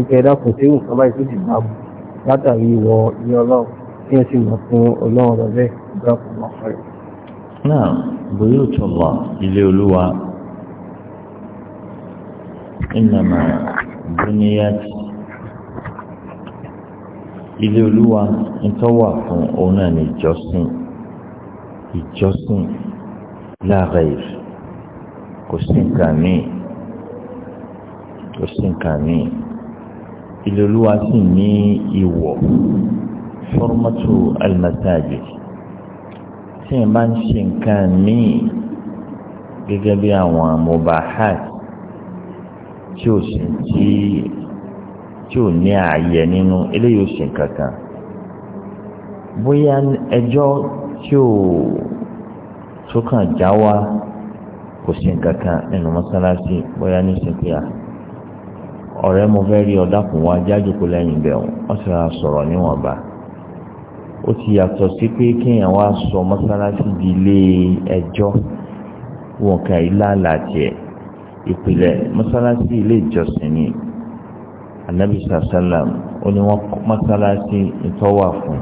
ìfẹ́ dákun sí ìwọ̀n kan báyìí tó sì bá mu látàrí ìwọ ní ọlọ́run kí ẹ sì mọ̀ fún ọlọ́run rẹ̀ bẹ́ẹ̀ dákun mọ̀ fẹ́rẹ̀. náà bóyá ò tún lọ ilé olúwa ìnàmà dúníyàt ilé olúwa nítọ́ fún òun náà ní ìjọsìn ìjọsìn láàrẹ yìí kò sí nǹkan míì kò sí nǹkan míì ilé olúwa sì ní ìwọ̀ fọ́rọ́mọ́tò alimasajì tí n bá ń ṣe nǹkan míì gẹ́gẹ́ bí àwọn mubahat tí ò sì tí tí ò ní ààyè nínú eléyìí ò sì kankan bóyá ẹjọ́ tí ò tó kàn já wa kò sí nǹkan kan nínú mọ́sálásí bóyá ní sèpéyà ọ̀rẹ́ mo fẹ́ rí ọ̀dàkùn wa jájòkó lẹ́yìn bẹ̀ wọ́n sì ra sọ̀rọ̀ níwọ̀nba ó ti yàtọ̀ sí pé kéèyàn wá sọ mọ́sálásí di ilé ẹjọ́ wọn kà í láàlàtì ẹ̀ ìpìlẹ̀ mọ́sálásí ilé ìjọsìn ni anabi sàlám ó ní wọ́n mọ́sálásí ìtọ́wà fún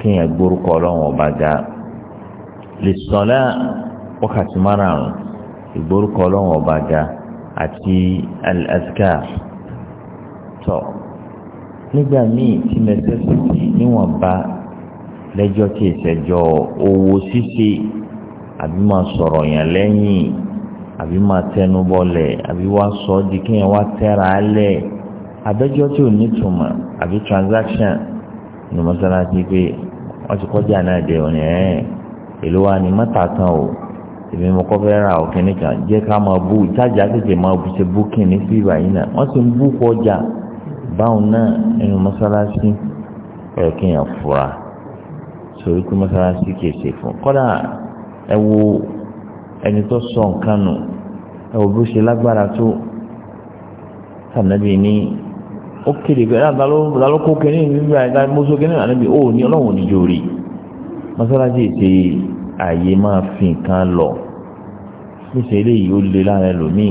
kéèyàn gbórúkọ ọlọ́run ọba ga lè sọ̀lá wákàtí márùn-ún ìgbórúkọ ọlọ́run ọba ga àti al-azkar tọ nígbà míì tí necessity níwọ̀nba lẹ́jọ́ tí ìṣẹ́jọ́ owó ṣíṣe àbí máa sọ̀rọ̀ yàn lẹ́yìn àbí máa tẹnu bọlẹ̀ àbí wá sọ ọ́ di kéèyàn wá tẹ́ra á lẹ̀ abẹ́jọ́ tí ò ní túmọ̀ àbí transaction ní mọ́sálásí pé wọ́n ti kọjá náà dé òní ẹ̀ èlò wa ni mọ́ta tán o èmi mo kọ́ fẹ́ ra ọ̀kẹ́ nìkan jẹ́ ká máa bú ìtajà tètè máa bú ṣe búkìn ní fíìbà yìí náà wọ́n sì ń bú kọjá báwọn náà ẹnu mọ́sálásí ẹ̀kẹ́ yẹn fura sórí pé mọ́sálásí kìí ṣe fún kọ́dà ẹ wo ẹni tó sọ nǹkan nù ẹ wo bó ṣe lágbára tó sànàbí ní ó kéde pé lálókó kẹ́ni nígbà ìdá mọ́sọ́ kẹ́ni ànábì ó ní ọlọ́run níjó rí mọ́sálásí ṣe àyè máa fi nǹkan lọ níṣẹ́ eléyìí ó le lára ẹlòmíì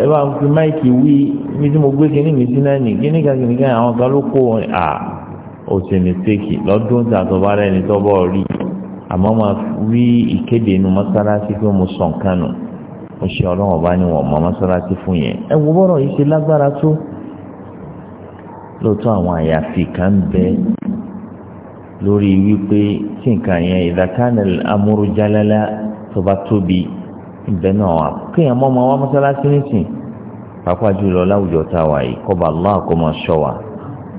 ẹ bá ń fi máìkì wí ní tí mo gbé kíní mi sí náà nì kíní kan kíní kan àwọn kan ló kó wọn à ó ṣe mistake lọ́dún tí àtọ́bá rẹ̀ ní tọ́bọ̀ rí àmọ́ máa wí ìkéde inú mọ́sálásí pé mo sọ nǹkan mo ṣe ọlọ́wọ́n bá ní wọ́n mọ mọ́sálásí fún yẹn ẹ wo bọ́rọ̀ yìí ṣe lágbára tó lóòótọ́ àwọn àyàfi kan bẹ́ẹ̀ lórí wípé tí nǹkan yẹn ìdàkánà amúrújálálá tó bá tóbi ìbẹ́ náà wà kéèyàn mọ́ ọmọ wa mọ́sálásí nìsín pàápàá jùlọ láwùjọ tá a wà yìí kọ́ba allah kó máa ṣọ́ wa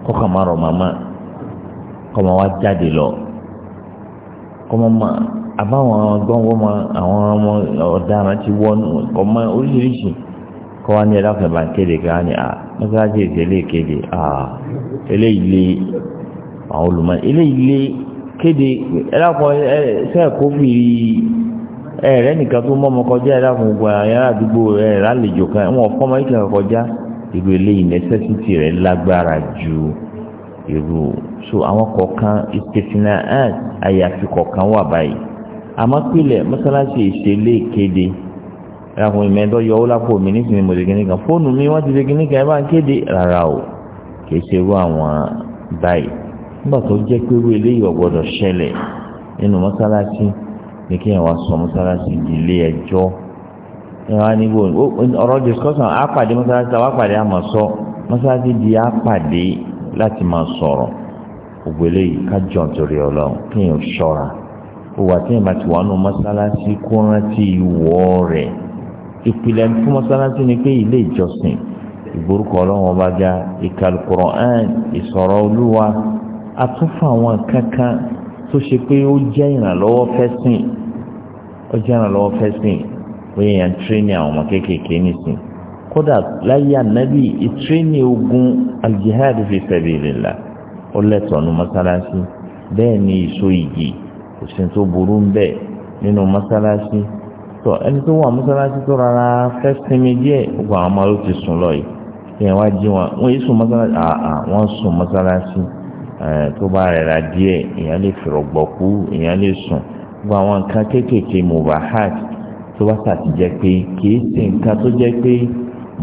kó kà má rọ màmá kó máa wá jáde lọ kó máa ma àbáwọn ọgbọ́n wọ́n ma àwọn ọmọ ọ̀daràn ti wọ́n ọmọ oríṣiríṣi kọ́ wa ní ẹ̀dá fẹ̀ bá ń kéde ká ní à mọ́sálásí èsì kéde à eléyìí lé àwọn olùmọ̀ eléyìí lé kéde ẹlẹ́kọ̀ sẹ́ẹ̀kófì ẹ̀rẹ́ nìkan tó mọ́mọ́ kọjá ẹlẹ́kùn gbogbo àyàrá àdúgbò rẹ̀ lálejò kan wọn fọ́mọ́ ìkẹ́ kọjá irú eléyìí nẹ́sẹ̀sìtì rẹ̀ lágbára ju irú so àwọn kọ̀ọ̀kan ìpèsìnà ẹ̀ àyàfi kọ̀ọ̀kan wà báyìí àmọ́ pílẹ̀ mọ́sálásì ìṣẹ̀lẹ̀ kéde ẹ̀rọ ìmẹ́dọ́ yọ ọ́lápò mi nísìnyí mo dégé nìkan fóònù mi wọ́n ti dégé nìkan ẹ̀ bá nígbà tó jẹ́ pé wí eléyìí ọ̀gbọ́dọ̀ ṣẹlẹ̀ nínú mọ́sálásí ní kí ẹ̀ wá sọ mọ́sálásí di ilé ẹjọ́ ẹ̀ wá níbo ọ̀rọ̀ discussion àpàdé mọ́sálásí àwọn àpàdé àmọ̀ sọ mọ́sálásí di àpàdé láti máa sọ̀rọ̀ gbogbo eléyìí kájọ nítorí ọlọ́run kí èèyàn ṣọ́ra òwò àti ìmọ̀ àti wàánu mọ́sálásí kó rántí ìwọ rẹ̀ ìpìlẹ̀ fún mọ́sálásí ni pé ilé ìjọsìn ìgbórúkọ ọlọ́run ọba ga ìkàlùkùrọ̀ ẹ̀ ìsọ̀rọ̀ olúwa àtúnfà àwọn kankan tó ṣe pé ó jẹ́ ìrànlọ́wọ́ fẹ́sìn ó jẹ́ ìrànlọ́wọ́ fẹ́sìn bóyá yẹn tírénì àwọn ọmọ kéékèèké nìsín kódà láyé ànábì ìtírénì ogun aljihad fi sabilillah ó lẹ́tọ̀ọ́ nu mọ́sálásí bẹ́ẹ̀ ni ìṣó igi kò sí tó burú ń bẹ̀ nínú mọ́sálásí tọ ẹni tó wà mọ́sálásí tó rárá fẹ́ sinmi díẹ̀ gbogbo àwọn ọmọ ló ti sùn lọ yìí ìyẹn wá jí wọn yìí sùn mọ́sálásí àà sùn mọ́sálásí. Eh, tó bá rẹ̀ra díẹ̀ èèyàn lè fìrọ̀gbọ̀kú èèyàn lè sùn gbogbo àwọn nǹkan kéékèèké mubahat tó bá sàti jẹ́ pé kìí ṣe nǹkan tó jẹ́ pé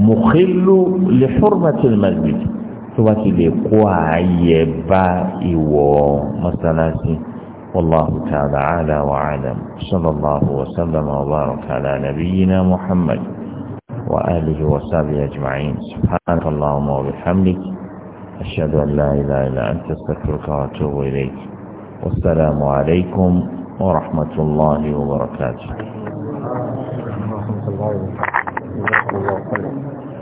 mùkílù lè hurmatil masjid tó bá ti lè kó ààyè bá ìwọ̀ mọ́sálásí والله تعالى أعلى وأعلم صلى الله وسلم وبارك على نبينا محمد وآله وصحبه أجمعين سبحانك اللهم وبحمدك أشهد أن لا إله إلا أنت استغفرك وأتوب إليك والسلام عليكم ورحمة الله وبركاته.